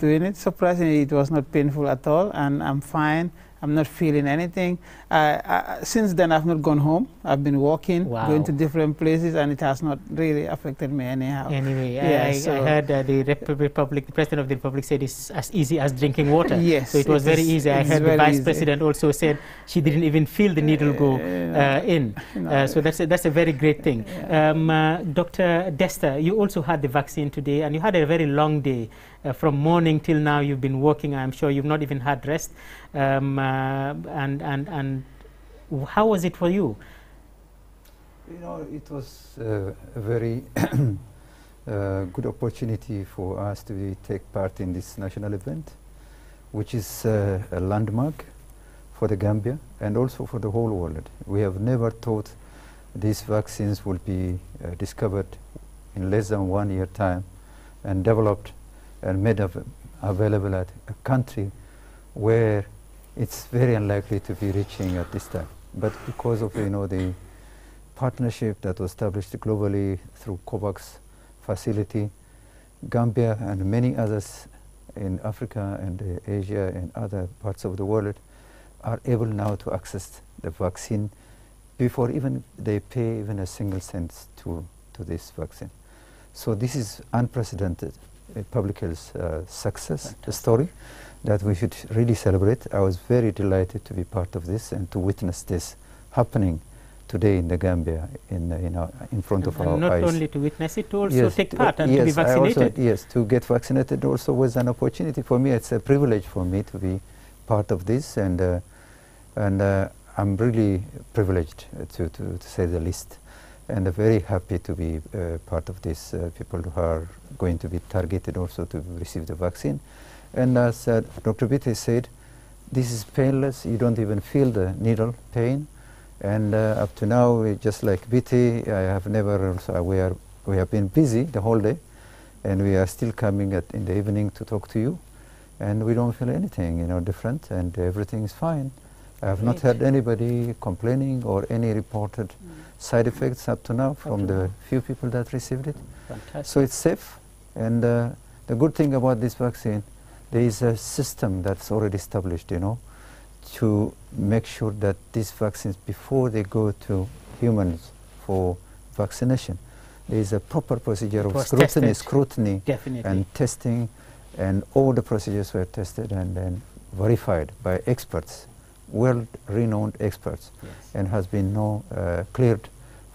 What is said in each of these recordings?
doing it. Surprisingly, it was not painful at all, and I'm fine. I'm not feeling anything. Uh, uh, since then, I've not gone home. I've been walking, wow. going to different places, and it has not really affected me anyhow. Anyway, yeah, I, so I heard uh, the Republic, the President of the Republic said it's as easy as drinking water. Yes. So it was it very is, easy. I heard the Vice easy. President also said she didn't even feel the needle go uh, in. No. Uh, so that's a, that's a very great thing. Um, uh, Dr. Desta, you also had the vaccine today, and you had a very long day. from morning till now, you've been working. I'm sure you've not even had rest. Um, uh, and, and, and how was it for you? You know, it was uh, a very uh, good opportunity for us to take part in this national event, which is uh, a landmark for the Gambia and also for the whole world. We have never thought these vaccines will be uh, discovered in less than one year time and developed and made available at a country where it's very unlikely to be reaching at this time. But because of you know the partnership that was established globally through COVAX facility, Gambia and many others in Africa and uh, Asia and other parts of the world are able now to access the vaccine before even they pay even a single cent to, to this vaccine. So this is unprecedented uh, public health uh, success story that we should really celebrate. I was very delighted to be part of this and to witness this happening today in the Gambia in, uh, in, our, in front and of and our not eyes. Not only to witness it, to also yes, take part and yes, to be vaccinated. Also, yes, to get vaccinated also was an opportunity for me. It's a privilege for me to be part of this and, uh, and uh, I'm really privileged to, to, to, say the least and very happy to be uh, part of this. Uh, people who are going to be targeted also to receive the vaccine. And I said, Dr. Bitte said, this is painless. You don't even feel the needle pain. And uh, up to now, just like Bitte, I have never, also, we, are, we have been busy the whole day. And we are still coming at, in the evening to talk to you. And we don't feel anything, you know, different. And everything is fine. I have Great. not heard anybody complaining or any reported mm. side effects up to now from okay. the few people that received it. Fantastic. So it's safe. And uh, the good thing about this vaccine there is a system that's already established, you know, to make sure that these vaccines, before they go to humans for vaccination, there is a proper procedure of scrutiny, tested. scrutiny Definitely. and testing, and all the procedures were tested and then verified by experts, world-renowned experts, yes. and has been now uh, cleared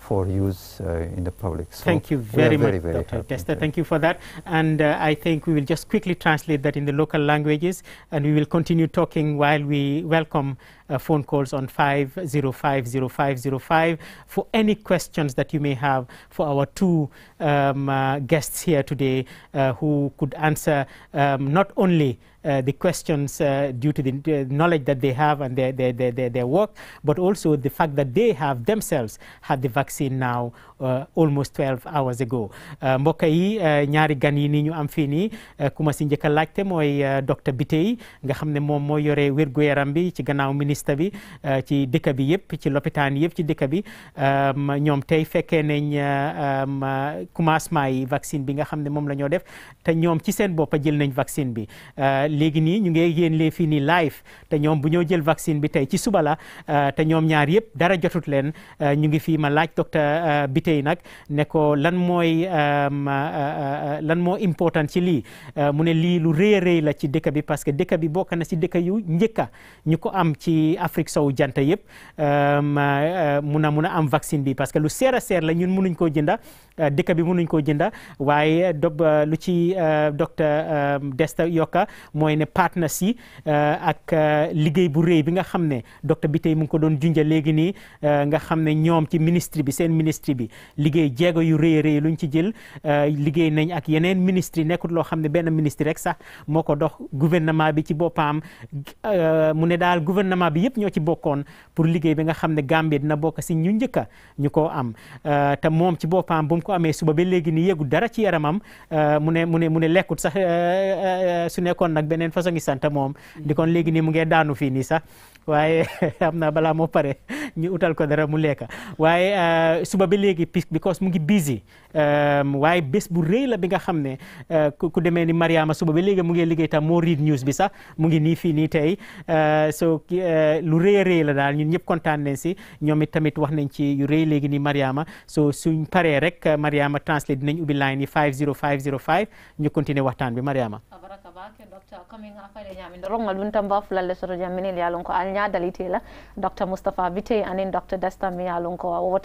for use uh, in the public. So thank you very much, very, very Dr. Tester. Thank you for that. And uh, I think we will just quickly translate that in the local languages, and we will continue talking while we welcome uh, phone calls on 5050505 for any questions that you may have for our two um, guests here today who could answer um, not only uh, the questions uh, due to the uh, knowledge that they have and their, their, their, their, their work, but also the fact that they have themselves had the vaccine now Uh, almost twelve hours ago uh, mbokk yi uh, ñaari gan yi nii ñu am fii nii ku ma si njëkk a laajte mooy docteur Biteye nga xam ne moom mooy yore wér yaram bi ci gannaaw ministre bi ci dëkk bi yëpp ci lopitaan yëpp ci dëkk bi um, ñoom tey fekkee nañ um, commencement yi vaccine bi nga xam ne moom la ñoo def te ñoom ci seen bopp jël nañ vaccine bi léegi nii ñu ngi yéen lee fii nii live te ñoom bu ñoo jël vaccine bi tey ci suba la te ñoom ñaar yëpp dara jotut leen ñu ngi fii tey nag ne ko lan mooy euh, euh, euh, lan moo important ci lii mu ne lii lu rëy rëy la ci dëkk bi parce que dëkk bi bokk na si dëkk yu njëkka ñu ko am ci Afrique sowu jant yëpp mun a mun a am vaccine bi parce que lu seer seer la ñun munuñ koo jënda Euh, dëkk bi mënuñ koo jënda waaye dob euh, lu ci euh, docteur Desta yokka mooy ne partners yi ak liggéey bu rëy bi nga xam ne docteur bi tey mu ngi ko doon junja léegi nii nga xam ne ñoom ci ministre bi seen ministre bi liggéey jéego yu rëy rëy luñ ci jël liggéey nañ ak yeneen ministre yi nekkut loo xam ne benn ministre rek sax moo ko dox gouvernement bi ci boppam mu ne daal gouvernement bi yëpp ñoo ci bokkoon pour liggéey bi nga xam ne Gambie dina bokk si ñu njëkka ñu ko am moom ko amee suba ba léegi nii yëgu dara ci yaramam euh, mu ne mu ne mu ne lekkut sax euh, euh, su nekkoon nag beneen façon ngi sant moom mm. di kon léegi nii mu nge daanu fii nii sax waaye am na balaa moo pare ñu utal ko dara mu lekka waaye euh, suba ba léegi pis because mu ngi busy euh, waaye bés bu rëy la bi nga xam ne euh, ku demee ni Mariama suba ba léegi mu ngee liggéey tam moo read news bi sax mu ngi nii fii nii tey so lu rëy a la daal ñun ñëpp kontaan si ñoom it tamit wax nañ ci yu rëy léegi nii Mariama so suñ paree rek Mariama translate dinañ ubbi line yi 50505 ñu continuer waxtaan bi Mariama. nya dalite la dr mustafa bite anin dr desta miya lon ko who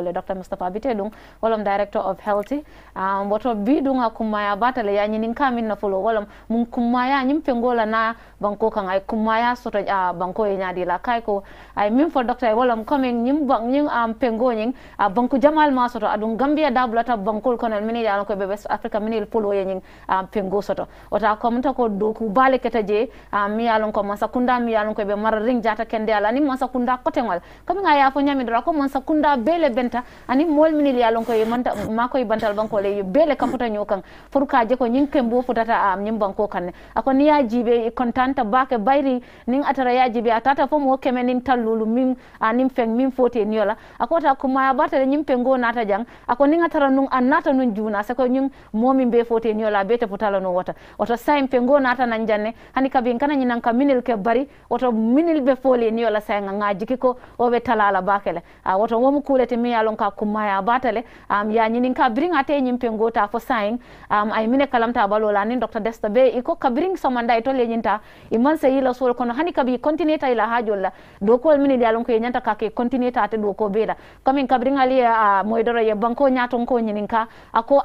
le dr mustafa Vite ɗum wolom director of health um, woto bi dung ha kummaya batale ya ñinin kamin na fulo wolom mun kummaya ñim na banko kan ay kummaya soto a uh, banko e ñadi la ko ay min for Dr. wolom coming nyim bang nyim am um, pengo ñing a uh, banko jamal ma soto aɗum gambia dabulata bankol kono mini yalan ko bebe africa mini polo e ya ñing am um, pengo soto wota ko mun ta ko doku bale keta je am um, mi yalan ko masa kunda mi yalan ko be mar ring jata kende ala ni monsa kunda kote ngol kami nga yafo nyami dora ko monsa kunda bele benta ani mol minil ya lon ko yimanta mako yibantal banko le bele kafuta nyokan furka je ko nyin futata am ah, nyin banko kan ako ni ya jibe kontanta bake bayri nin atara ya jibe atata fo mo kemen nin tallulu min anim ah, feng fote niola ako ta kuma ya bata pengo nata jang ako ni atara nun annata ah, nun juna sako nyin momin be fote niola bete futala no wata wata saim pengo nata nanjanne hani kabin kana nyinan kaminil ke bari wata minil nil be foli ni yola sa nga ngaji kiko o be talala bakele a ah, woto wom kulete mi yalon ka kuma ya batale am ah, ya nyini ka bring ate nyim pengo ta fo sain am ah, ay mine kalam kalamta balola ni dr desta be iko ka bring so manda ito le nyinta i man se yila sol kono hani bi continue ta ila hajolla do ko mine yalon ko nyanta ka ke continue ta te do ko beda kamin ka bring ali a moydoro ye banko nyato ko nyini ka ako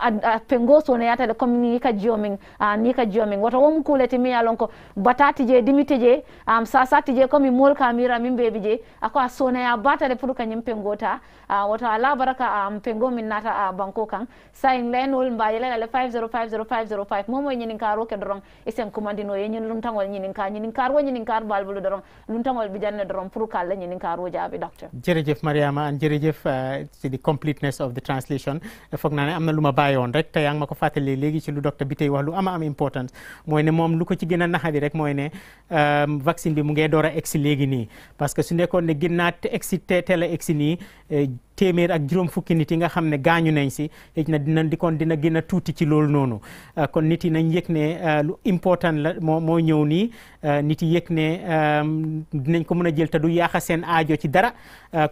pengo so ne yata de komini ka jiomin ni ka jioming woto wom kulete mi yalon ko batati je dimite je am sasati je mi molka mira min bebi je ako a sonaya batale pour kañum pengota a woto ala baraka a pengo min nata a banko kan sayin laynol le 5050505 momo e ñinin karo ke doron isen kumandino ye ñin tangol ñinin ka ñinin karo ñinin kar balbulu doron luntangol bijanne doron pour kalle ñinin karo jaabi docteur jerejef mariama an jerejef uh, to the completeness of the translation fog nane am na luma bayon rek te yang ma ko fàttali léegi ci lu docteur bi tay wax lu ama am importance moy ne mom um, lu ko ci gëna a rek moy ne vaccine bi mu ngee doora si léegi nii parce que su nekkoon ne ginnaat egsi teel a egsi nii eh, téeméer ak juróom fukki nit yi nga xam ne gaañu nañ si xëy na dina di kon dina gën a tuuti ci loolu noonu euh, kon nit yi nañ yëg ne euh, lu important la moo moo ñëw nii euh, nit yi yëg ne dinañ ko mun a jël te du yaaxa seen aajo ci dara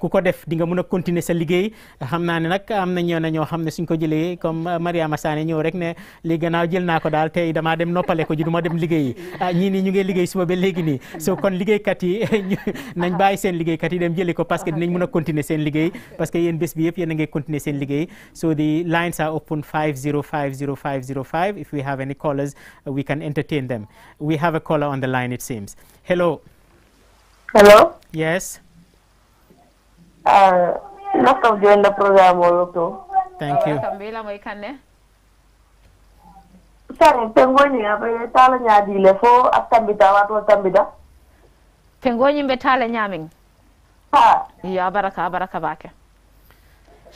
ku ko def di nga mën a continuer sa liggéey xam naa ne nag am na ñoo na ñoo xam ne suñ ko jëlee comme Mariama Sané ñëw rek ne li gannaaw jël naa ko daal tey damaa dem noppale ko ji du ma dem liggéeyi ah, ñii ñu ngi liggéey suba ba léegi nii kon liggéeykat yi nañ bàyyi seen liggéeykat yi dem jëli ko parce que dinañ mën a seen liggéey que yéen bés bi yëpp yéen a ngi continuer seen liggéey so the lines are open 5050505 if we have any callers uh, we can entertain them we have a caller on the line it seems hello hello yes uh, welcome join the program also thank you sare pengoñinga ɓe tala ñaadile fo a tambita watol tambita pengoñin ɓe tala ñamin ha iyo a baraka a baraka baake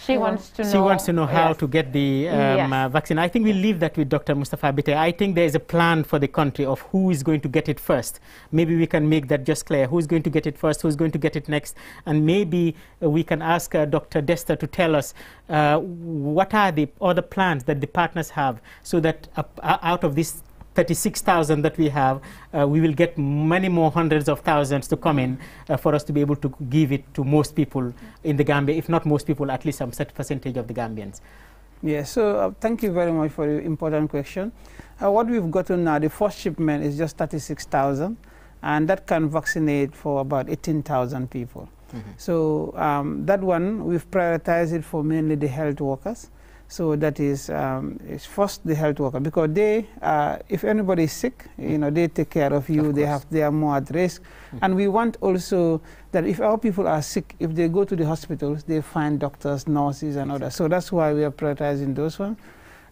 she uh, wants to know. She wants to know how yes. to get the um, uh, yes. uh, vaccine. I think we leave that with Dr. Mustafa Bite. I think there is a plan for the country of who is going to get it first. Maybe we can make that just clear. Who's going to get it first? Who's going to get it next? And maybe uh, we can ask uh, Dr. Desta to tell us uh, what are the other plans that the partners have so that out of this 36,000 that we have, uh, we will get many more hundreds of thousands to come in uh, for us to be able to give it to most people in the Gambia, if not most people, at least some set percentage of the Gambians. Yes, so uh, thank you very much for the important question. Uh, what we've gotten now, the first shipment is just 36,000, and that can vaccinate for about 18,000 people. Mm -hmm. So um, that one, we've prioritized it for mainly the health workers so that is, um, first the health worker because they, uh, if anybody is sick, you know, they take care of you. Of they have, they are more at risk, mm -hmm. and we want also that if our people are sick, if they go to the hospitals, they find doctors, nurses, and others. So that's why we are prioritizing those ones.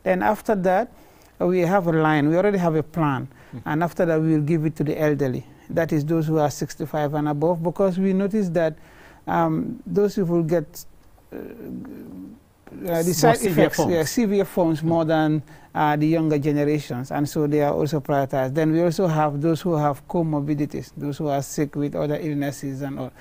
Then after that, uh, we have a line. We already have a plan, mm -hmm. and after that, we will give it to the elderly. That is those who are 65 and above, because we notice that um, those people get. Uh, uh, the side effects, severe yeah, severe forms more than uh, the younger generations, and so they are also prioritized. Then we also have those who have comorbidities, those who are sick with other illnesses and all.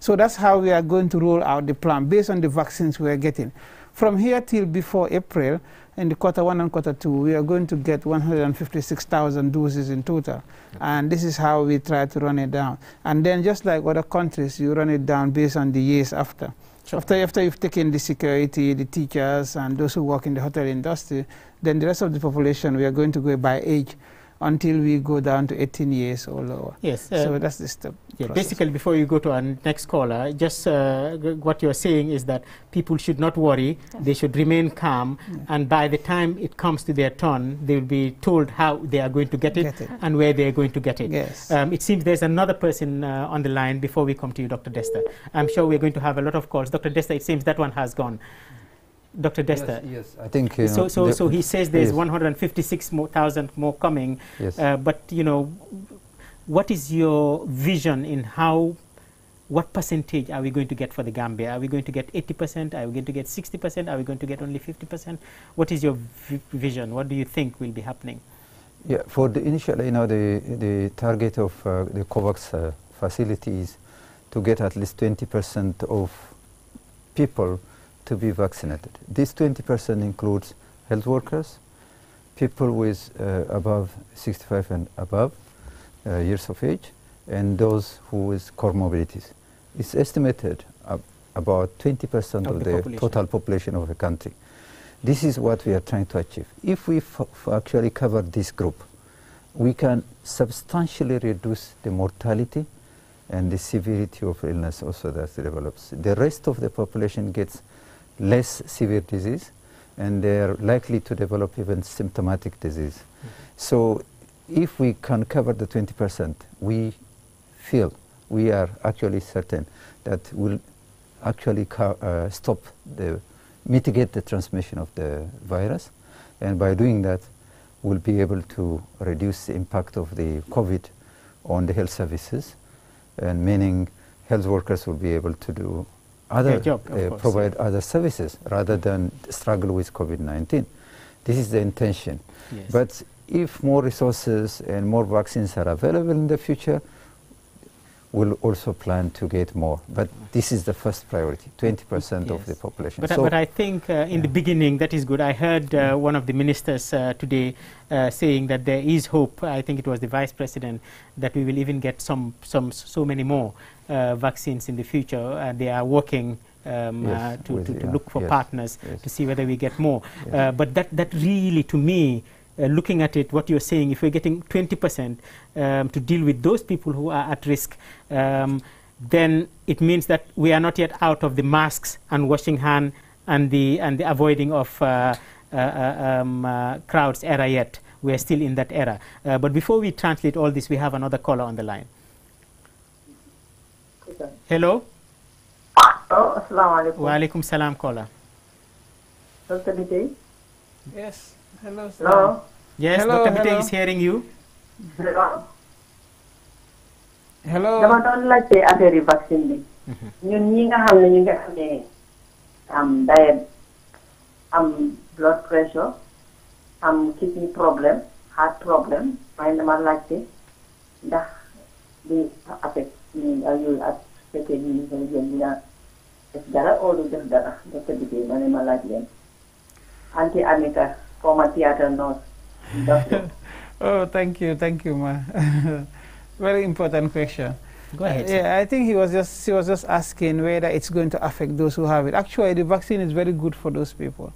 So that's how we are going to roll out the plan based on the vaccines we are getting. From here till before April, in the quarter one and quarter two, we are going to get 156,000 doses in total. And this is how we try to run it down. And then just like other countries, you run it down based on the years after. Sure. After, after you've taken the security, the teachers, and those who work in the hotel industry, then the rest of the population, we are going to go by age until we go down to 18 years or lower. Yes. Uh, so that's the step. Yeah, basically, before you go to our next caller, just uh, what you're saying is that people should not worry, yes. they should remain calm, and by the time it comes to their turn, they'll be told how they are going to get it, it. and where they're going to get it. Yes. Um, it seems there's another person uh, on the line before we come to you, Dr. Desta. I'm sure we're going to have a lot of calls. Dr. Desta, it seems that one has gone. Dr. Desta. Yes, yes, I think. so, uh, know, so, so he says there's yes. more coming. Yes. Uh, but you know, what is your vision in how? What percentage are we going to get for the Gambia? Are we going to get 80%? Are we going to get 60%? Are we going to get only 50%? What is your vision? What do you think will be happening? Yeah, for the initial, you know, the the target of uh, the COVAX uh, facility is to get at least 20% of people to be vaccinated. This 20% includes health workers, people with uh, above 65 and above uh, years of age, and those who with comorbidities. It's estimated ab about 20% of, of, the, population. total population of a country. This is what we are trying to achieve. If we actually cover this group, we can substantially reduce the mortality and the severity of illness also that develops. The rest of the population gets less severe disease and they're likely to develop even symptomatic disease. Mm. So if we can cover the 20%, we feel, we are actually certain that will actually uh, stop the, mitigate the transmission of the virus. And by doing that, we'll be able to reduce the impact of the COVID on the health services, and meaning health workers will be able to do other job, uh, provide other services rather than struggle with COVID-19. This is the intention. Yes. But if more resources and more vaccines are available in the future, will also plan to get more. But mm. this is the first priority, 20% mm. yes. of the population. But, so but I think uh, in yeah. the beginning, that is good. I heard uh, mm. one of the ministers uh, today uh, saying that there is hope. I think it was the vice president that we will even get some, some so many more uh, vaccines in the future. Uh, they are working um, yes, to, to, to look for yes. partners to see whether we get more. But that, that really, to me, uh, looking at it, what you're saying, if we're getting 20% um, to deal with those people who are at risk, um, then it means that we are not yet out of the masks and washing hand and the, and the avoiding of uh, uh, uh um, uh, crowds era yet. We are still in that era. but before we translate all this, we have another caller on the line. Hello? Oh, assalamu alaikum. Wa alaikum salam, caller. Dr. Yes. Hello, sir. Hello. Yes, hello, Dr. Bitte is hearing you. Hello. Hello. dama doon laajte affaire yi vaccine bi. ñun ñi nga xam ñu ngi amee am diabète am blood pressure am kidney problem, heart problème waaye dama laajte ndax di affect ñu ak yooyu ak fekkee ñu ngi koy jël dina def dara oo du def dara docteur Bijay ma ma laaj leen anti amica theatre nurse. oh, thank you, thank you, ma. Very important question. Go ahead. Uh, yeah, I think he was just he was just asking whether it's going to affect those who have it. Actually, the vaccine is very good for those people.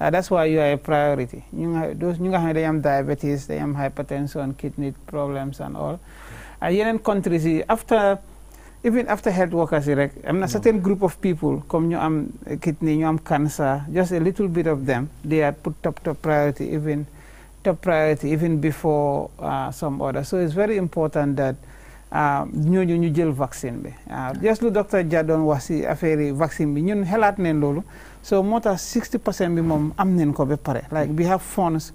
Uh, that's why you are a priority. You have those you have they have diabetes, they have hypertension, kidney problems, and all. And uh, in countries after even after health workers yi rek am na certain group of people comme ñu am kidney ñu am cancer just a little bit of them they are put top top priority even top priority even before uh, some others so it's very important that uh, ñooñu ñu jël vaccine bi uh, just lu docteur Dia doon wax si affaire yi vaccine bi ñun xelaat neen loolu so moo tax 60 percent bi moom am neen ko ba pare like we have funds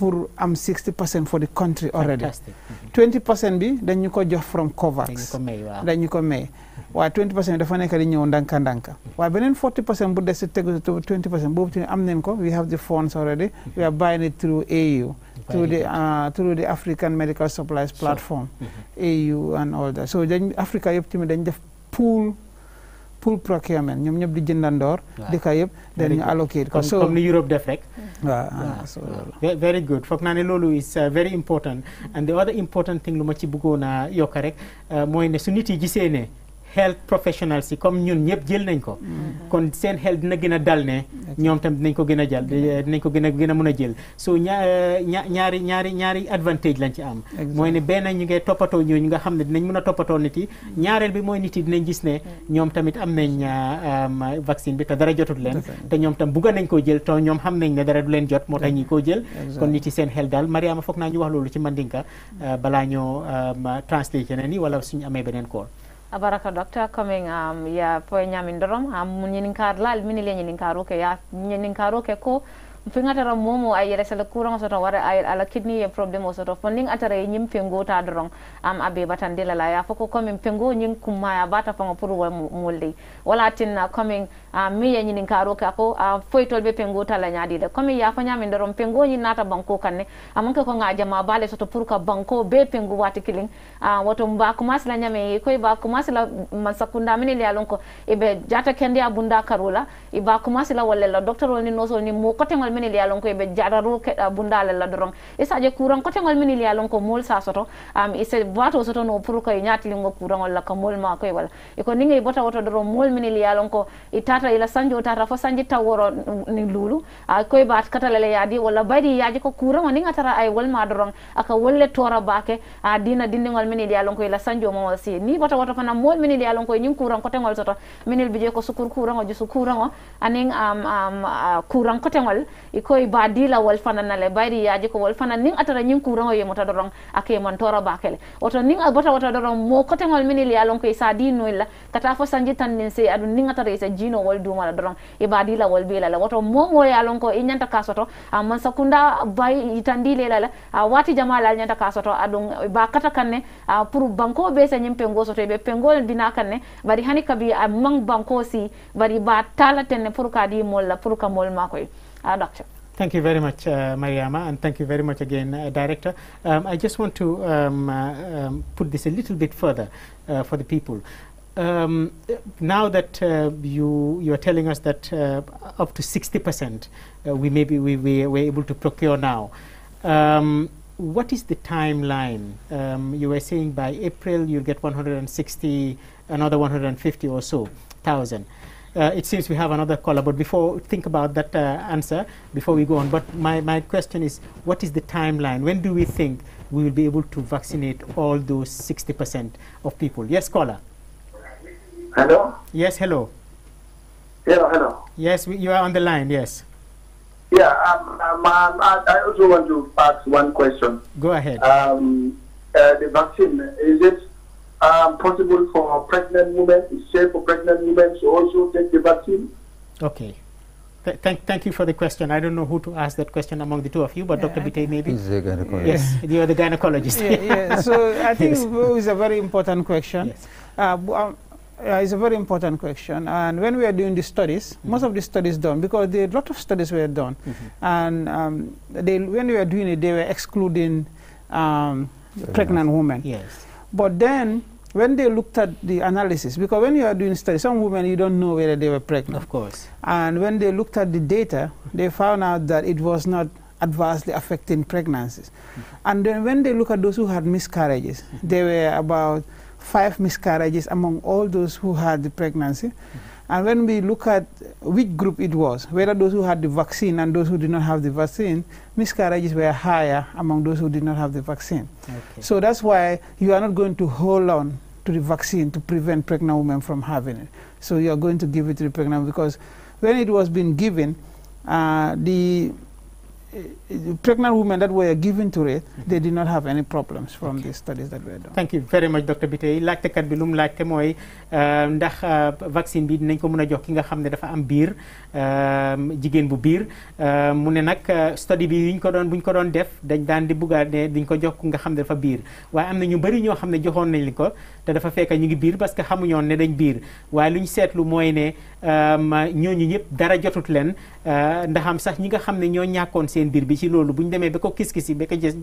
pour am 60 percent for the country already. 20 mhm. percent bi dañu ko jox from COVAX. dañu ko may waaye 20 dafa nekk di ñëw ndànka ndànka. Mhm. waaye beneen bu des si tegu 20 percent am nañ ko we have the funds already. Mhm. we are buying it through AU. Uh, through the African Medical Supplies Platform. AU and all that so dañ Africa yëpp tamit dañ def pour procurement ñoom ñëpp di jëndandoor. waaw dëkk yëpp dañu allocate. comme comme ni Europe def rek. Mm. waaw so very good foog naa ne loolu is uh, very important and the other important thing lu ma ci bëggoon a yokk rek uh, mooy ne su nit yi gisee ne. health professionals si comme ñun ñëpp jël nañ ko kon seen xel dina gën a dal ne ñoom tam dinañ ko gën a jàll dinañ ko gën a gën a mën a jël so ñaa ñaari ñaari ñaari advantage lañ ci am mooy ne benn ñu ngi toppatoo ñooñu nga xam ne dinañ mën a toppatoo nit yi ñaareel mooy nit yi dinañ gis ne ñoom tamit am nañ vaccine bi te dara jotut leen te ñoom tam bugga nañ koo jël te ñoom xam nañ ne dara du leen jot moo tax ñi koo jël kon nit yi seen xel daal Mariama foog naa ñu wax loolu ci Mandinka balaa ñoo translate yeneen yi wala suñu amee beneen kool baraka docteur coming um, ya poe ñamin dorom um, ñinin kar lal mini le ke ya ñinin ke ko pingatara momo a yere sele courant soto wara ay ala kidney problem o soto fon ling atara nyim pengo ta dorong am abe batande la ya foko comme pengo nyin kuma ya bata fanga pour wa molde wala tin na uh, coming uh, mi ya nyin karo ka ko uh, foitol be pengo ta la nyadi de comme ya fanya min dorom pengo nyin nata banko kanne amon ko nga jama bale soto pour ka banko be pengo wati killing wato mba kumas la nyame ko ba kumas la masakunda min le alonko ibe jata kende abunda karola iba kumas la wala la doctor woni nosol ni mo kote ngol min liya lon ko be jararu ke bundale la doron isa je kuran ko tengol min liya lon ko mol sa soto am isa wato soto no pour ko nyati lingo kuran la ko mol ma ko wala e ko ningi bota woto mol min liya lon itata ila sanjo tata fo sanji taworo ni lulu a ko ba katale yadi wala bari yaji ko kuran woni ngatara ay wol ma doron aka wolle tora bake a dina dindingol min liya lon ko ila sanjo mo wasi ni bota woto fana mol min liya lon ko nyin kuran soto min bije ko sukur kuran o jisu kuran o anin am am um, uh, ikoy badila wal fananale baydi yaji ko wal fanan nin atara ning kuran ngoye mota doron ake mantora bakele oto ning abota wata doron mo kote ngol mini li lon ko isa dino illa kata fo sanji tan nin se adun nin atara isa jino wal du mala doron e badila wal bela la woto mo mo ya lon ko e nyanta kasoto amma sakunda bay itandile la la a wati jamala nyanta kasoto adu ba kata kanne a pour banko be se nyim pengo soto be pengol bina kanne bari hani kabi a mang banko si bari ba tala tenne pour ka di mol la pour ka mol makoy Uh, doctor. Thank you very much, uh, Mariama, and thank you very much again, uh, Director. Um, I just want to um, uh, um, put this a little bit further uh, for the people. Um, now that uh, you you are telling us that uh, up to 60 percent uh, we maybe we, we were able to procure now um, what is the timeline um, you were saying by April you'll get 160 another 150 or so thousand uh, it seems we have another caller, but before think about that uh, answer before we go on. But my, my question is, what is the timeline? When do we think we will be able to vaccinate all those 60% of people? Yes, caller. Hello. Yes, hello. Hello, hello. Yes, we, you are on the line. Yes. Yeah, um, um, um, I, I also want to ask one question. Go ahead. Um, uh, the vaccine is it um, possible for pregnant women. It's safe for pregnant women to also take the vaccine. Okay. Th thank, thank you for the question. I don't know who to ask that question among the two of you, but yeah, Dr. Bitey maybe. He's a gynecologist. Yes, you're the gynecologist. yeah, yeah. So I think yes. it's a very important question. Yes. Uh, um, it's a very important question. And when we are doing the studies, mm. most of the studies done, because a lot of studies were done. Mm -hmm. And um, they, when we were doing it, they were excluding um, pregnant enough. women. Yes. But then when they looked at the analysis, because when you are doing studies, some women you don't know whether they were pregnant. Of course. And when they looked at the data, they found out that it was not adversely affecting pregnancies. Mm -hmm. And then when they look at those who had miscarriages, mm -hmm. there were about five miscarriages among all those who had the pregnancy. Mm -hmm. And when we look at which group it was, whether those who had the vaccine and those who did not have the vaccine, miscarriages were higher among those who did not have the vaccine. Okay. So that's why you are not going to hold on to the vaccine to prevent pregnant women from having it. So you are going to give it to the pregnant because when it was being given, uh, the Uh, pregnant women that were given to it, mm-hmm. they did not have any problems from okay. the studies Thank you very much Dr Biteye laajtekat bi lu laajte mooy uh, ndax uh, vaccine bi dinañ ko mën a jox ki nga xam ne dafa am biir um, jigéen bu biir mu ne nag study bi yuñ ko doon buñ ko doon def dañ daan di bugga ne duñ ko jox nga xam ne dafa biir waaye am na ñu bëri ñoo xam ne joxoon nañ li ko te dafa fekk ñu ngi biir parce que xamuñoon ne dañ biir waaye lu ñu seetlu mooy ne um, ñooñu ñëpp dara jotut leen ndax am sax ñi nga xam ne ñoo ñàkkoon si seen bir bi ci loolu bu démé demee kiss ko kis-kisi ba just,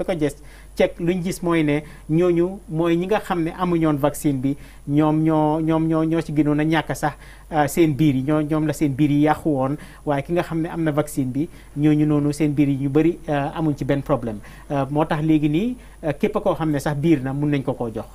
check ba cek gis moy né ñoñu moy ñi nga xamné amu ñoon vaccine bi ñom ño ñom ño ño ci gënoon na ñaka sax ah, seen bir yi ñom ñoom la seen bir yi yàqu won waaye ki nga xamné amna vaccine bi ñoñu nonu seen bir yi ñu bari ah, amuñ ci ben problème ah, motax légui ni képp ko xamné sax bir na mën nañ ko ko jox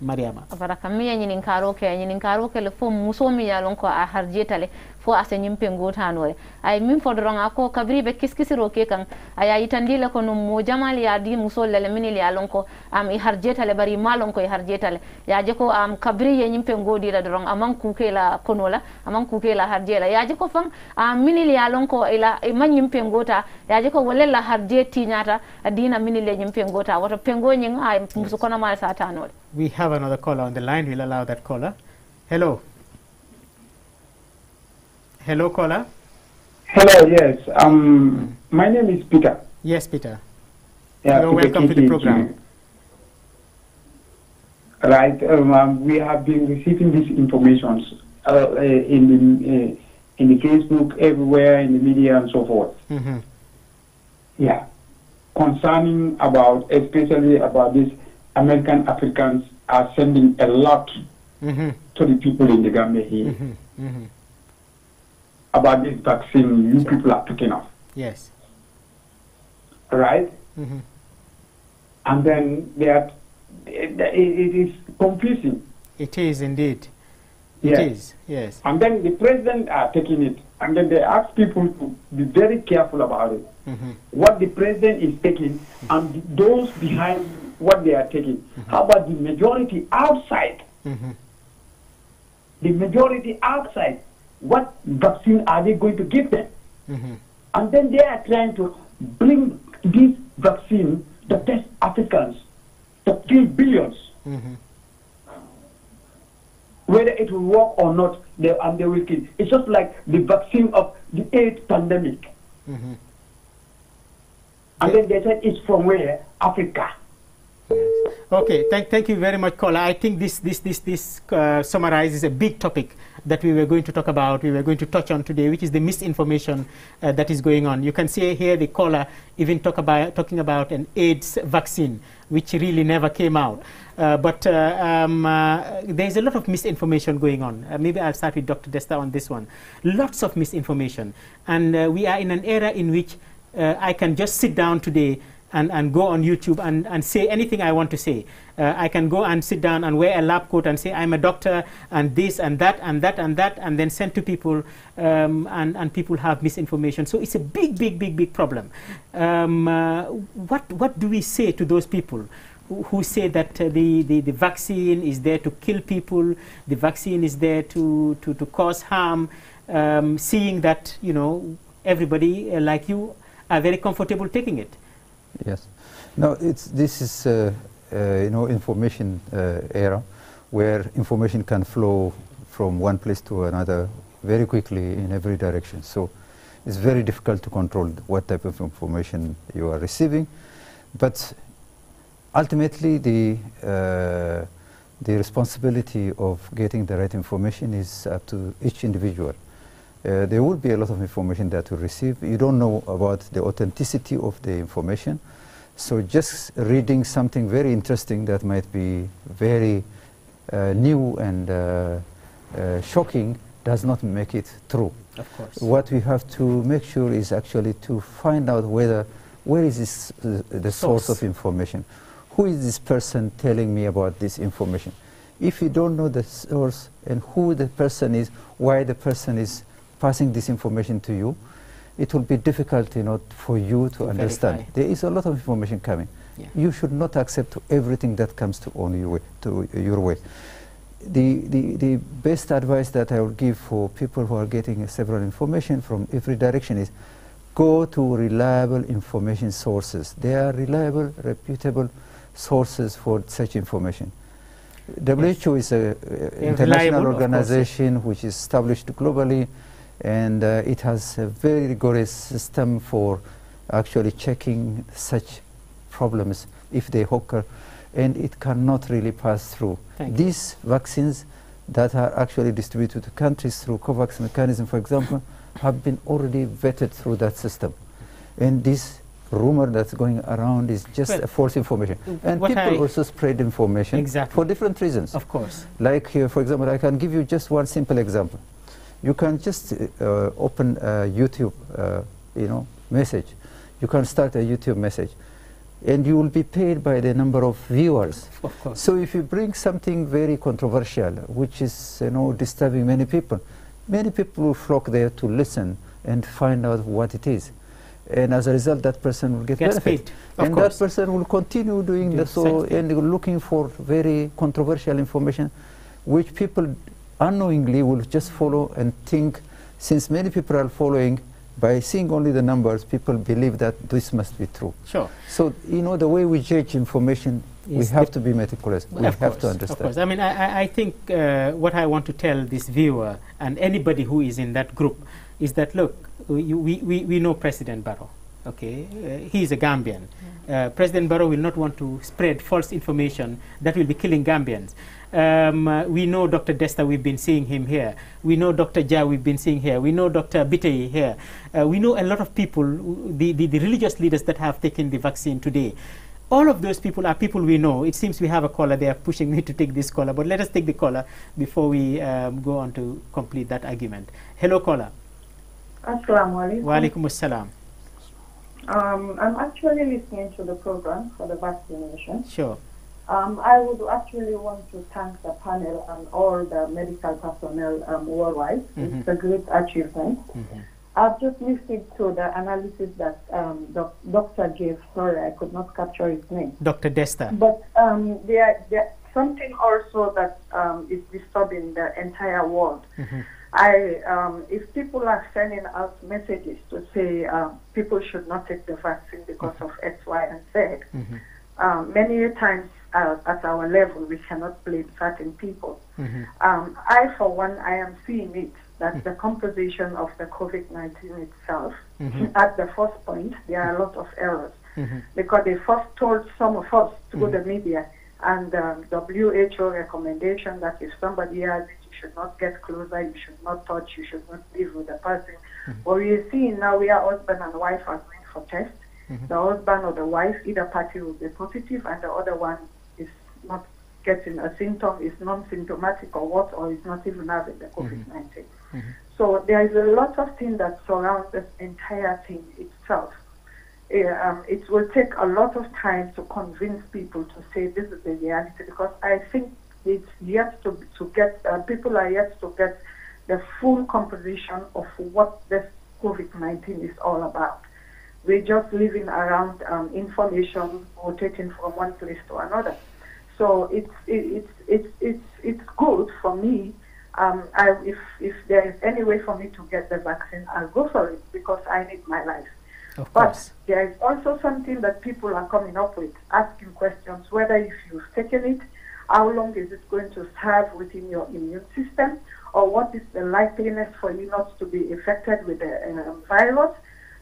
mariama baraka mi ñinin karo ke ñinin karo ke le fo muso mi lonko ko a harjetale fo ase ñimpe gotanore ay min fodoranga ko kabriɓe kiskisiro ke kan aya tandile ko no mo jamal ya di musol lele minil ya lon ko am i har jetale bari ma lon ko i har jetale yaje ko am kabri ye ñimpe godira doron aman kukela konola aman kukela har ya je ko fan am minil ya lon ko ila e man ñimpe gota yaje ko wolella har je tiñata dina minil ye ñimpe gota woto pengo ñing ay musukono mal satanole we have another caller on the line we'll allow that caller hello Hello, caller. Hello, yes. Um, my name is Peter. Yes, Peter. Yeah, welcome to the program. Right. Um, um, we have been receiving these informations uh, uh in, the, uh, in the Facebook, everywhere, in the media, and so forth. Mm -hmm. Yeah. Concerning about, especially about this, American Africans are sending a lot mm -hmm. to the people in the Gambia here. Mm -hmm about this vaccine you people are picking up. Yes. Right? Mm-hmm. And then they are, it, it is confusing. It is indeed. yes. yes. And then the president are taking it, and then they ask people to be very careful about it. Mm-hmm. What the president is taking, mm-hmm. and those behind what they are taking. Mm-hmm. How about the majority outside? Mm-hmm. The majority outside what vaccine are they going to give them? Mm-hmm. And then they are trying to bring this vaccine to test Africans, to kill 1000000000s mm-hmm. Whether it will work or not, they, and they will kill. It's just like the vaccine of the AIDS pandemic. Mm-hmm. And yeah. then they said it's from where? Africa. Okay, thank, thank you very much, Kola. I think this, this, this, this uh, summarizes a big topic that we were going to talk about, we were going to touch on today, which is the misinformation uh, that is going on. You can see here the caller even talk about, talking about an AIDS vaccine, which really never came out. Uh, but uh, um, uh, there's a lot of misinformation going on. Uh, maybe I'll start with Dr. Desta on this one. Lots of misinformation. And uh, we are in an era in which I can just sit down today and, and go on YouTube and, and say anything I want to say. Uh, I can go and sit down and wear a lab coat and say I'm a doctor and this and that and that and that and then send to people um, and, and people have misinformation. So it's a big, big, big, big problem. Um, uh, what, what do we say to those people? who say that uh, the, the, the, vaccine is there to kill people, the vaccine is there to, to, to cause harm, um, seeing that, you know, everybody uh, like you are very comfortable taking it. Yes. No, it's, this is, uh, uh, you know, information uh, era where information can flow from one place to another very quickly in every direction. So it's very difficult to control what type of information you are receiving. But ultimately, the, uh, the responsibility of getting the right information is up to each individual. Uh, there will be a lot of information that you receive. You don't know about the authenticity of the information. So just reading something very interesting that might be very uh, new and uh, uh shocking does not make it true. Of course. What we have to make sure is actually to find out whether where is this, uh, the source. source of information. Who is this person telling me about this information? If you don't know the source and who the person is, why the person is passing this information to you, it will be difficult you know, for you to, to understand. Verify. There is a lot of information coming. Yeah. You should not accept everything that comes to on your way. To your way. The, the, the best advice that I would give for people who are getting several information from every direction is go to reliable information sources. They are reliable, reputable sources for such information. WHO yes. is an international organization which is established globally and uh, it has a very rigorous system for actually checking such problems if they occur, and it cannot really pass through. Thank These you. vaccines that are actually distributed to countries through COVAX mechanism, for example, have been already vetted through that system. And this rumor that's going around is just a false information. And people I also spread information exactly. for different reasons. Of course. Like, uh, for example, I can give you just one simple example. You can just uh, open a YouTube, uh, you know, message. You can start a YouTube message and you will be paid by the number of viewers. Of so if you bring something very controversial, which is you know disturbing many people, many people will flock there to listen and find out what it is. And as a result, that person will get Gets benefit. Paid, and course. that person will continue doing the so and looking for very controversial information, which people unknowingly will just follow and think, since many people are following, by seeing only the numbers, people believe that this must be true. Sure. So, you know, the way we judge information, we have to be meticulous. Well, we have course, to understand. Of course. I mean, I, I think uh, what I want to tell this viewer and anybody who is in that group is that, look, we, we, we know President Barrow. Okay, uh, he is a Gambian. Yeah. Uh, President Barrow will not want to spread false information that will be killing Gambians. Um, uh, we know Dr. Desta, we've been seeing him here. We know Dr. Ja, we've been seeing here. We know Dr. Bitey here. Uh, we know a lot of people, the, the, the religious leaders that have taken the vaccine today. All of those people are people we know. It seems we have a caller. They are pushing me to take this caller, but let us take the caller before we um, go on to complete that argument. Hello, caller. Assalamualaikum. Waalaikumsalam. Um, I'm actually listening to the program for the vaccination. Sure. Um, I would actually want to thank the panel and all the medical personnel um, worldwide. Mm-hmm. It's a great achievement. Mm-hmm. I've just listened to the analysis that um, the doctor gave. Sorry, I could not capture his name. Dr. Desta. But um, there, there something also that um, is disturbing the entire world. Mm-hmm. I, um, if people are sending out messages to say um, people should not take the vaccine because mm-hmm. of X, Y, and Z, mm-hmm. many times uh, at our level, we cannot blame certain people. Mm-hmm. Um, I, for one, I am seeing it that mm-hmm. the composition of the COVID-19 itself, mm-hmm. at the first point, there are a lot of errors mm-hmm. because they first told some of us through mm-hmm. the media and um, WHO recommendation that if somebody has it, you should not get closer, you should not touch, you should not live with the person. What mm-hmm. we're seeing now we are husband and wife are going for tests. The husband or the wife, either party will be positive and the other one not getting a symptom, is non-symptomatic or what, or is not even having the COVID-19. Mm-hmm. Mm-hmm. So there is a lot of things that surround this entire thing itself. Eh, um, it will take a lot of time to convince people to say this is the reality because I think it's yet to, to get, uh, people are yet to get the full composition of what this COVID-19 is all about. We're just living around um, information rotating from one place to another. So it's it's it's it's it's good for me. Um, I, if if there is any way for me to get the vaccine, I'll go for it because I need my life. Of but course. there is also something that people are coming up with, asking questions whether if you've taken it, how long is it going to serve within your immune system, or what is the likeliness for you not to be affected with the um, virus.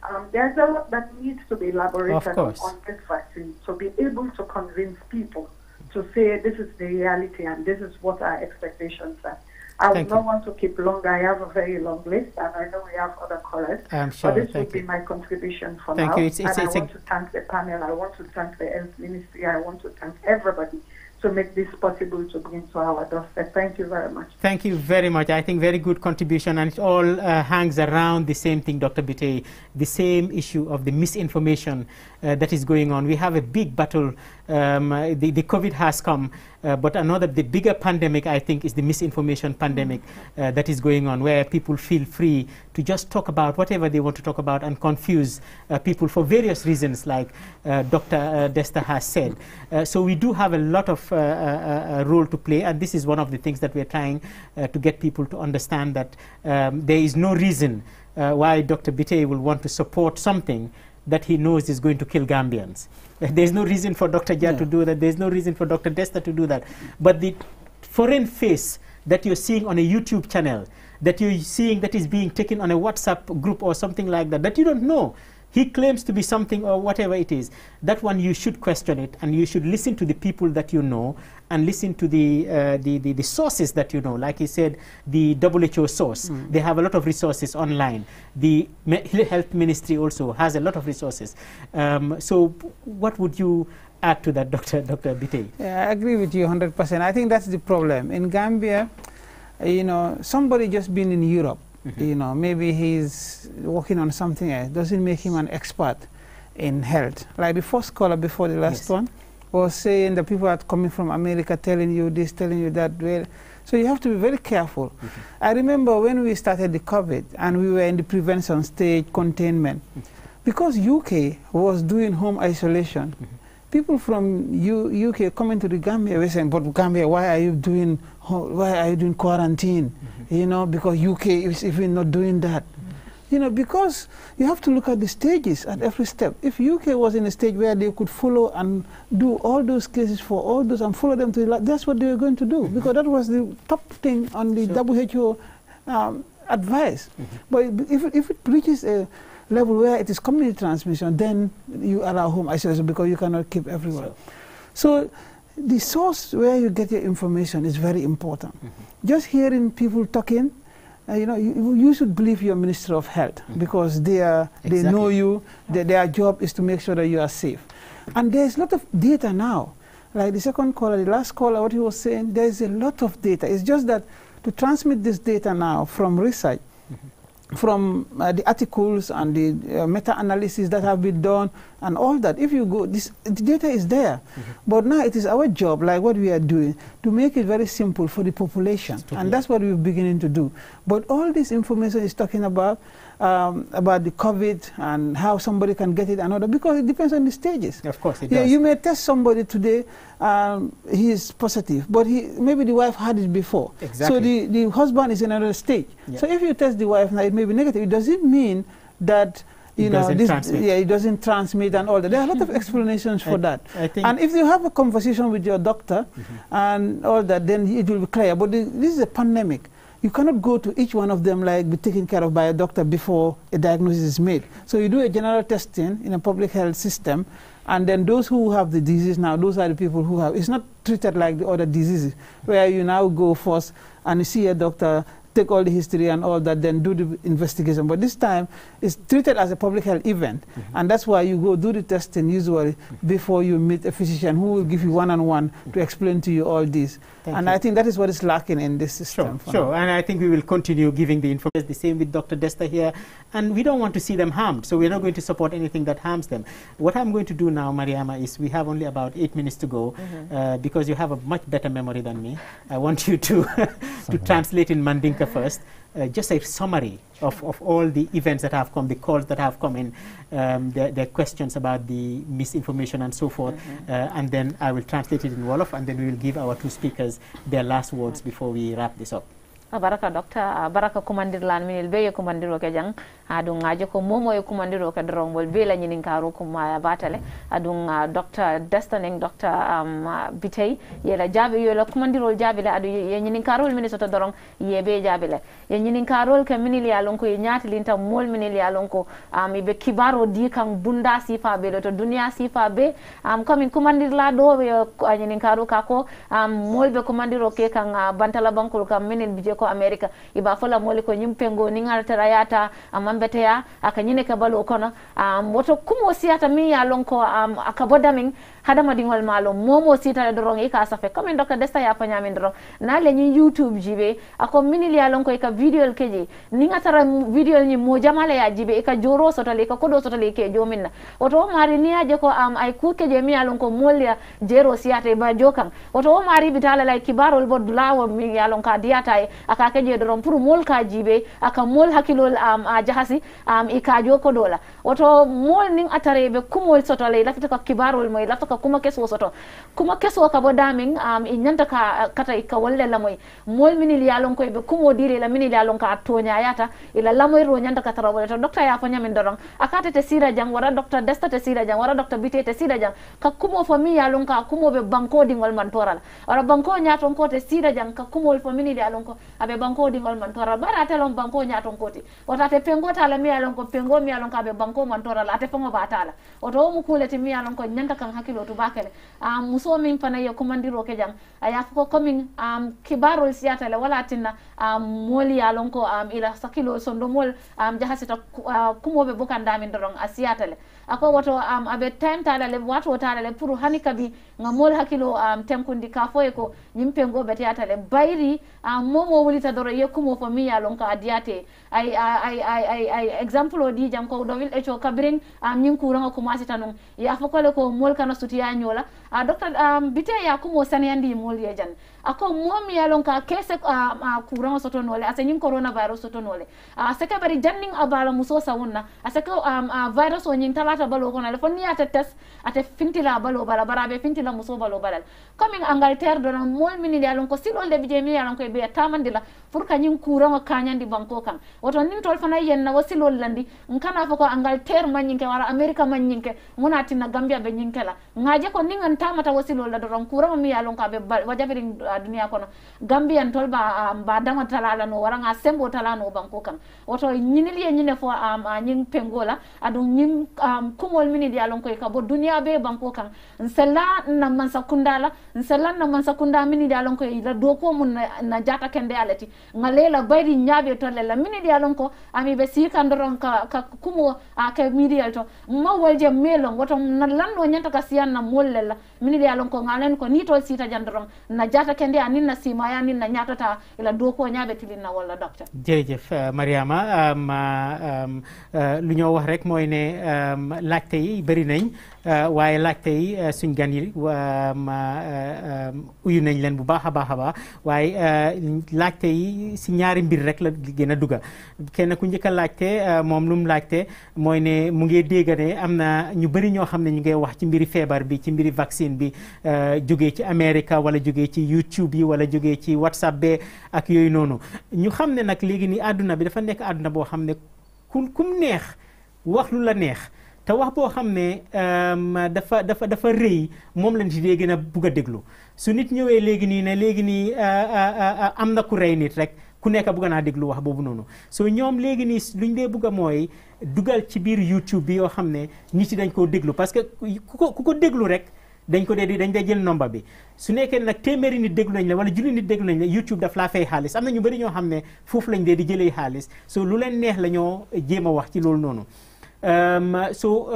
Um, there's a lot that needs to be elaborated on this vaccine to be able to convince people to say this is the reality and this is what our expectations are. I do would not want to keep longer. I have a very long list, and I know we have other callers. I'm sure. But this Thank would you. be my contribution for thank now. You. It's, it's, and it's I want a... to thank the panel. I want to thank the health ministry. I want to thank everybody to make this possible to bring to our doorstep. Thank you very much. Thank you very much. I think very good contribution, and it all uh, hangs around the same thing, Dr. Bitey, the same issue of the misinformation uh, that is going on. We have a big battle. Um, uh, the, the, COVID has come, uh, but another, the bigger pandemic, I think, is the misinformation pandemic uh, that is going on, where people feel free to just talk about whatever they want to talk about and confuse uh, people for various reasons, like Dr. Desta has said. so we do have a lot of a uh, uh, uh, role to play and this is one of the things that we are trying to get people to understand that um, there is no reason why Dr. Bitte will want to support something that he knows is going to kill Gambians. There's no reason for Dr. Jia no. to do that. There's no reason for Dr. Desta to do that. But the foreign face that you're seeing on a YouTube channel, that you're seeing that is being taken on a WhatsApp group or something like that, that you don't know he claims to be something or whatever it is, that one you should question it and you should listen to the people that you know and listen to the, uh, the, the, the, sources that you know. Like he said, the WHO source, mm. they have a lot of resources online. The health ministry also has a lot of resources. Um, so what would you add to that, Dr. Dr. Bitey? Yeah, I agree with you 100%. I think that's the problem. In Gambia, you know, somebody just been in Europe you know, maybe he's working on something else, doesn't make him an expert in health. Like the first caller before the last yes. one was saying the people are coming from America telling you this, telling you that. Well, so you have to be very careful. Mm -hmm. I remember when we started the COVID and we were in the prevention stage, containment, mm -hmm. because UK was doing home isolation. Mm -hmm people from U UK coming to the Gambia were saying, but Gambia, why are you doing, why are you doing quarantine? Mm -hmm. You know, because UK is even not doing that. Mm -hmm. You know, because you have to look at the stages at every step. If UK was in a stage where they could follow and do all those cases for all those and follow them to the, that's what they were going to do mm -hmm. because that was the top thing on the so WHO um, advice. Mm-hmm. But if, if it reaches a level where it is community transmission, then you allow home isolation because you cannot keep everyone. So, so the source where you get your information is very important. Mm -hmm. Just hearing people talking, uh, you know, you, you, should believe your Minister of Health mm -hmm. because they are exactly. they know you. They, their job is to make sure that you are safe, and there is a lot of data now. Like the second caller, the last caller, what he was saying, there is a lot of data. It's just that to transmit this data now from research from uh, the articles and the uh, meta-analysis that have been done and all that. If you go, this, the data is there. Mm -hmm. But now it is our job, like what we are doing, to make it very simple for the population. and that's what we're beginning to do. But all this information is talking about um, about the COVID and how somebody can get it and all that, because it depends on the stages. Of course, it yeah, does. You may test somebody today, um, he is positive, but he, maybe the wife had it before. Exactly. So the, the husband is in another stage. Yeah. So if you test the wife now, it may be negative. Does it mean that you know, this, yeah, it doesn't transmit and all that. There are a lot of explanations for I, that. I and if you have a conversation with your doctor mm -hmm. and all that, then it will be clear. But this is a pandemic. You cannot go to each one of them like be taken care of by a doctor before a diagnosis is made. So you do a general testing in a public health system, and then those who have the disease now, those are the people who have. It's not treated like the other diseases, where you now go first and you see a doctor take all the history and all that, then do the investigation. But this time, it's treated as a public health event. Mm -hmm. And that's why you go do the testing usually before you meet a physician who will give you one-on-one to explain to you all this. Thank and you. I think that is what is lacking in this system. Sure, sure. And I think we will continue giving the information. The same with Dr. Desta here and we don't want to see them harmed. So we're not going to support anything that harms them. What I'm going to do now, Mariama, is we have only about eight minutes to go mm -hmm. uh, because you have a much better memory than me. I want you to to translate in Mandinka first. Uh, just a summary of, of all the events that have come, the calls that have come in, um, the, the questions about the misinformation and so forth. Mm -hmm. uh, and then I will translate it in Wolof, and then we will give our two speakers their last words before we wrap this up. Ah, baraka docta ah, baraka lan minil be ye kumandiro ke jang adu ah, ngaje ko momo ye kumandiro ke dorongol be la nyinin karo kuma batale adun docta destaning docta um, bitay ye la jabe ye la kumandirol jabe la adu ye nyinin karol min soto dorong ye be jabe la ye nyinin karol ke minil ya lonko ye nyaati linta mol minil ya lonko am um, be kibaro di kan bunda sifa be to duniya sifa be am um, komin la do be nyinin karo kako am um, mol be kumandiro ke kan uh, bantala bankul kam minil bije ko america iba fola mole ko ñimpengo ni tara yata a mambeteya aka ñine ka baluo kono um, woto kumo siyata min ya ah, lonko ah, ko um, bo bodamin hadamadiŋol ma lom momo sitale doroŋ i ka safe comme doka desta ya pañamin doroŋ na le ñiŋ youtube jibe ako minil ya lon ko i ka videol ke niŋ a tara videol ñiŋ mo jamala ya jibe i ka joro sotale i ka kodo sotale i ke jo min na woto wo mari niŋ ye je ko am ay ku ke je miŋ ye lon ko moolu ya jero siyate ba jo kaŋ woto wo mari bitala la kibarol bo dulawo miŋ ye lon ka diyata ye a ka ke doroŋ pour moolu ka jibe a ka moolu hakkilol am a jahasi am i ka jo kodo la woto moolu niŋ a tara i be kumol sotale i lafita ka kibarol mo i lafita ka kuma keso soto kuma keso ka bo daming um, i nyanta ka kata ka wolle la moy mol minil ya lon koy be kumo dire la minil ya lon ka tonya yata ila la moy ro nyanta ka tara wolle to docteur ya fo nyamin doron akata te sira jang wara docteur desta te sira jang wara docteur bite te sira jang ka kumo fo mi ya lon ka kumo be banko di dingol man toral wara banko nyaton ko te sira jang ka kumo fo minil ya lon ko abe banko di dingol man toral bara te lon banko nyaton koti wata te pengo ta la mi ya lon ko pengo mi ya lon ka be banko man toral ate fo mo fongo batala oto mu kuleti mi ya lon ko nyanta kan hakilo to bakele um, ah, muso min fana ye commandiro ke jang a ah, ya ko komin um, ah, kibarol siyata le wala tinna um, moli ya lon ko um, ila sakilo sondo mol um, jahasita uh, kumobe be min dami a siyata le ako woto um, abe time tala le wato tala le pour hani kabi nga mol hakilo um, tenkundi ka foye ko nyimpe ngobe tiyata le bayri um, momo wulita doro ye kumo fo mi ya lon ko adiyate ay ay ay ay ay exemple o di jam ko do wil eco kabirin um, ñin kuuranga commencé ta noon ya fo kole ko mol kana sutiya ñoola a uh, docteur um, bite ya sane andi mol ye jan ako moom ya lon ka kese uh, uh, soto nole kuuranga nyin corona virus soto nole uh, a se ka bari janning abala muso sawunna a seke um, uh, virus o nyin talata balo na le fon ni ate test ate fintila balo bala bara be fintila muso balo balal commin angleterre dona mol mini ya lon ko silol de bijemi ya lon ko ɓe tamandila nyin kañin kuuranga kañandi banko kan woto nin tol fana yenna wo silol landi nkana fo ko angleterre ma ñinke wara america ma ñinke ngona tinna gambia be ñinke la ngaje ko nin tamata wo silol la doron kurama mi yalon ko abe wa jabiri uh, duniya kono gambian tol ba um, uh, ba dama talala no wara nga sembo talano banko kan woto ñinil ye ñine fo am um, a uh, ñin pengola adun ñin um, kumol mini yalon ko ka bo duniya be banko kan nsella na mansa kundala nsella na mansa kunda mini yalon ko ila doko mun na, na jata kende alati ngalela bayri tolle la mini yalon ko ami be si kan doron ka ka kumo a ke media to ma walje melo woto na lanno nyanta ka siyan na mollella mini yalon ko ngalen ko ni to sita jandoron na jata kende anin na sima ya nin na nyata ta ila do ko nyabe tilin na wala docteur jerejef uh, mariama um, uh, um, uh, lu ñoo wax rek moy ne um, yi bari nañ Euh, waaye laaj tey euh, suñ gan yi euh, uyu nañ leen bu baax a baax a baax waaye laajte yi si ñaari mbir rek la gën a duga kenn ku njëkk a laajte moom lu mu laajte mooy ne mu ngi dégg ne am na ñu bëri ñoo xam ne ñu ngi wax ci mbiri feebar bi ci mbiri vaccine bi jóge ci america wala jóge ci YouTube yi wala jóge ci WhatsApp be ak yooyu noonu ñu xam ne nag léegi nii àdduna bi dafa nekk àdduna boo xam ne ku ku neex wax lu la neex te wax boo xam ne euh, dafa dafa dafa rëy moom lañ ci dee gën a bugg déglu su nit ñëwee léegi nii ne léegi nii euh, euh, am na ku rey nit rek ku nekk bugg naa déglu wax boobu noonu so ñoom léegi nii lu ñu dee bugg a mooy dugal ci biir YouTube bi yoo xam ne ñu yi dañ koo déglu parce que ku ko ku ko déglu rek dañ ko dee di dañ dee jël nomba bi su nekkee nag téeméeri nit déglu nañ la wala junni nit déglu nañ la YouTube daf laa fay xaalis am na ñu bari ñoo xam ne foofu lañ dee di jëlee xaalis so lu leen neex la ñoo jéem a wax ci loolu noonu so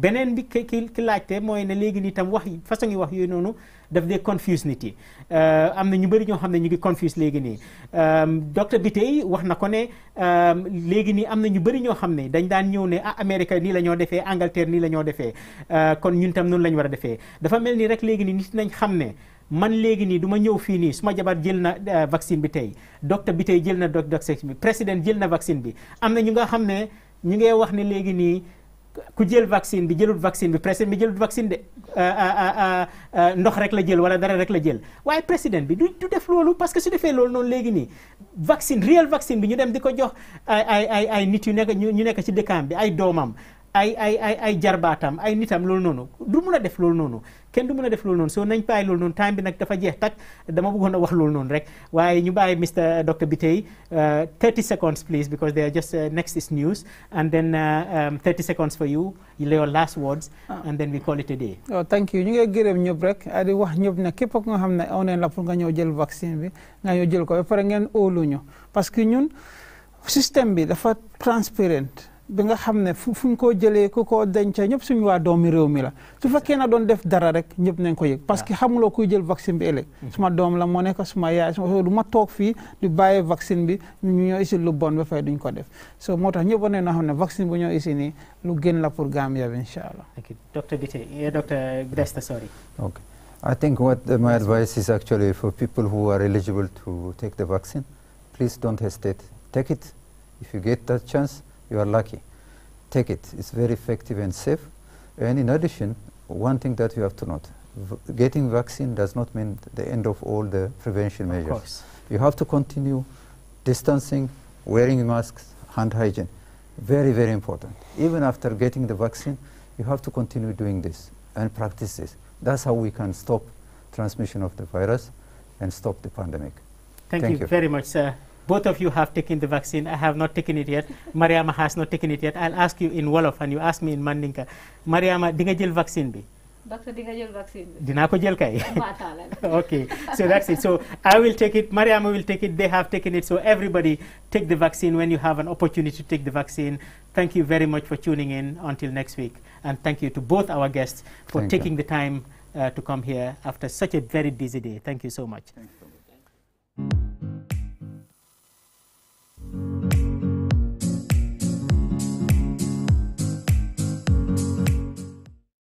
beneen bi ki ki laajte mooy ne léegi nii tam wax façon yi wax yooyu noonu daf dee confuse nit yi eh, am na ñu bëri ñoo xam ne ñu ngi confuse léegi nii docteur bi tey wax na ko ne léegi nii am na ñu bëri ñoo xam ne dañ daan ñëw ne ah Amérique nii la ñoo defee Angleterre nii lañoo defee eh, kon ñun tam noonu la ñu war a defee dafa mel ni rek léegi nii nit nañ xam ne man léegi nii duma ñëw fii nii suma jabar jël na eh, vaccine bi tey docteur bi tey jël na dox dox bi président jël na vaccine bi am na ñu nga xam ne. ñu ngee wax ni léegi nii ku jël vaccine bi jëlul vaccine bi président bi jëlul vaccine de euh, euh, euh, ndox rek la jël wala dara rek la jël waaye président bi du du def loolu parce que su defee loolu noonu léegi nii vaccine réel vaccine bi ñu dem di ko jox ay ay ay nit yu nekk ñu nekk ci dëkkaam bi ay doomam ay ay ay ay jarbaatam ay nitam loolu noonu du mun a def loolu noonu kenn du mun a def lool noonu soo nañ bàyyi loolu noonu temps bi nag dafa jeex tak dama bëggoon a wax loolu noonu rek waaye ñu bàyyi Mr Dr Biteye 30 seconds please because they are just uh, next is news and then 30 uh, um, seconds for you your last words ah. and then we call it a day. waaw oh, thank you ñu ngi gërëm ñëpp rek di wax ñëpp ne képp ku nga xam ne on la pour nga ñëw jël vaccin bi nga jël ko ba pare ngeen ñu parce que ñun système bi dafa transparent bi nga xam ne fu fu suñu doomi réew mi la su na doon def dara rek nañ ko parce que ah. jël bi mm-hmm. suma doom la nekk suma yaay suma du ma bi ñu lu bon ba fay duñ ko def so bu lu gën la pour docteur docteur Gresta sorry okay I think what uh, my advice is actually for people who are eligible to take the vaccine please don't hesitate take it if you get that chance you are lucky. Take it. It's very effective and safe. And in addition, one thing that you have to note, getting vaccine does not mean the end of all the prevention measures. Of course. You have to continue distancing, wearing masks, hand hygiene. Very, very important. Even after getting the vaccine, you have to continue doing this and practice this. That's how we can stop transmission of the virus and stop the pandemic. Thank, Thank you, you very much, sir both of you have taken the vaccine. I have not taken it yet. Mariama has not taken it yet. I'll ask you in Wolof and you ask me in Mandinka. Mariama, di nga jël vaccine bi? Doctor, vaccine ko jël kay. okay, so that's it. So I will take it. Mariama will take it. They have taken it. So everybody take the vaccine when you have an opportunity to take the vaccine. Thank you very much for tuning in. Until next week. And thank you to both our guests for thank taking you. the time uh, to come here after such a very busy day. Thank you so much.